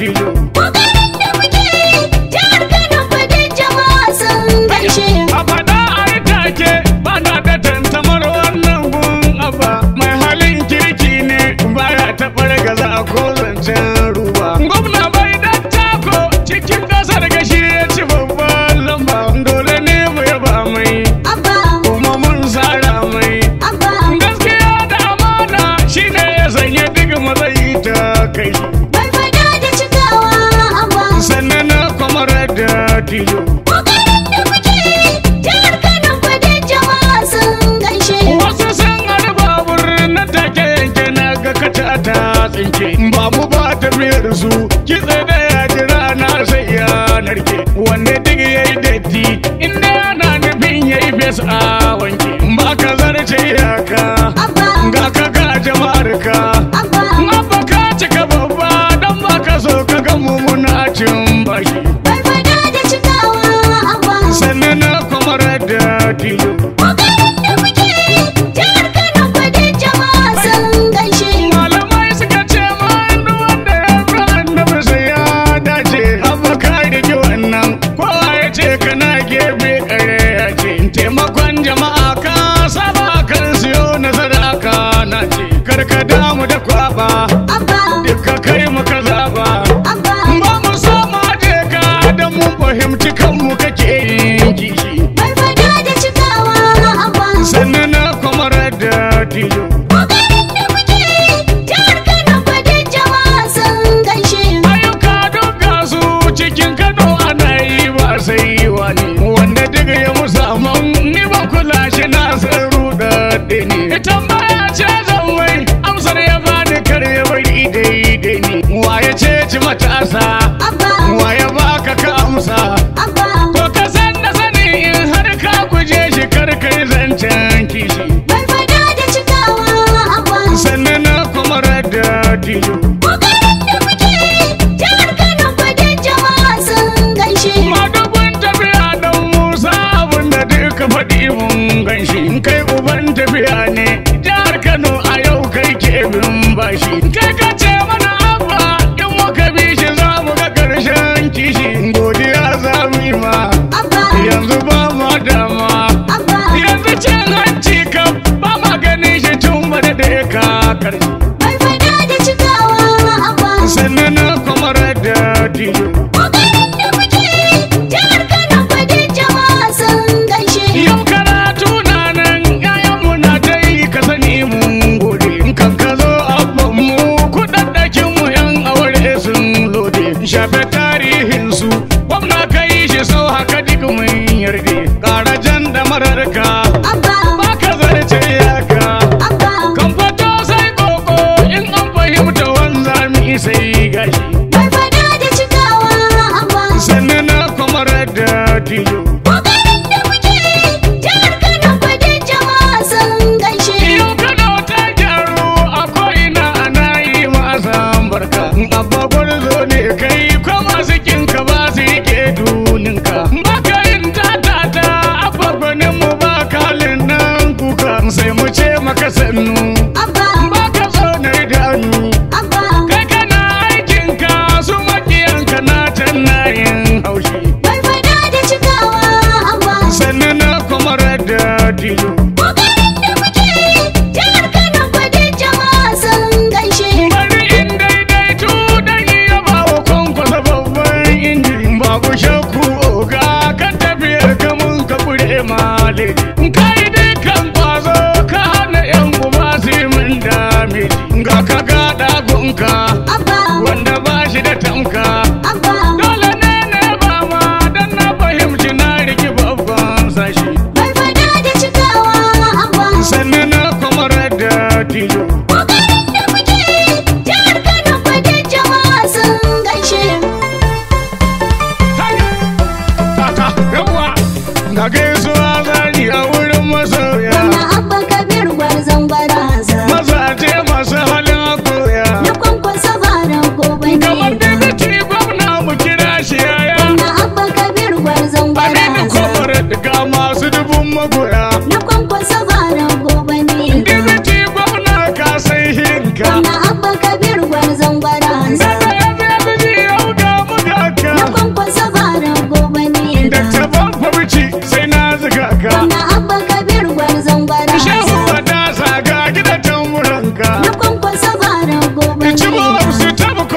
you любви.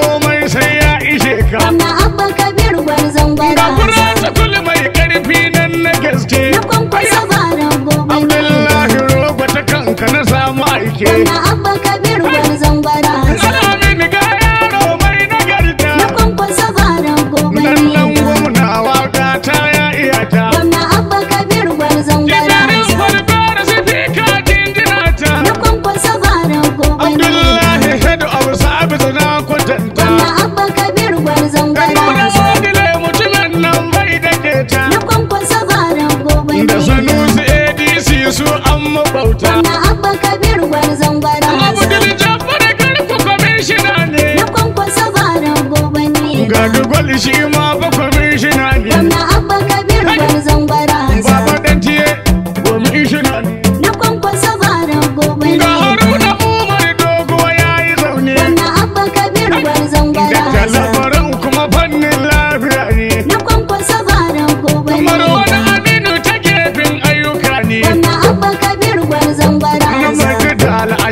komai sai ya ishe ka amma abba kabir gwarzon gwada ga mai karfi nan na gaske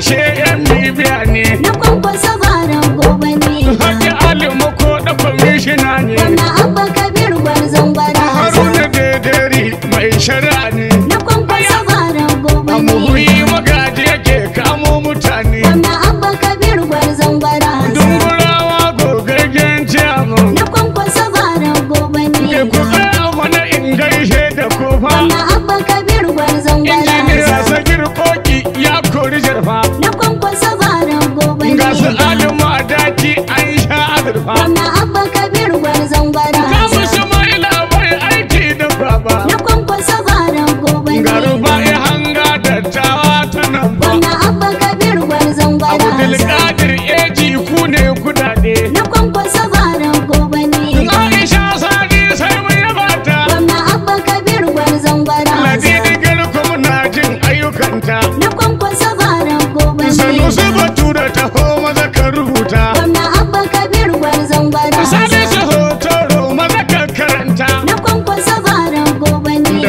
share.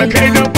Kingdom.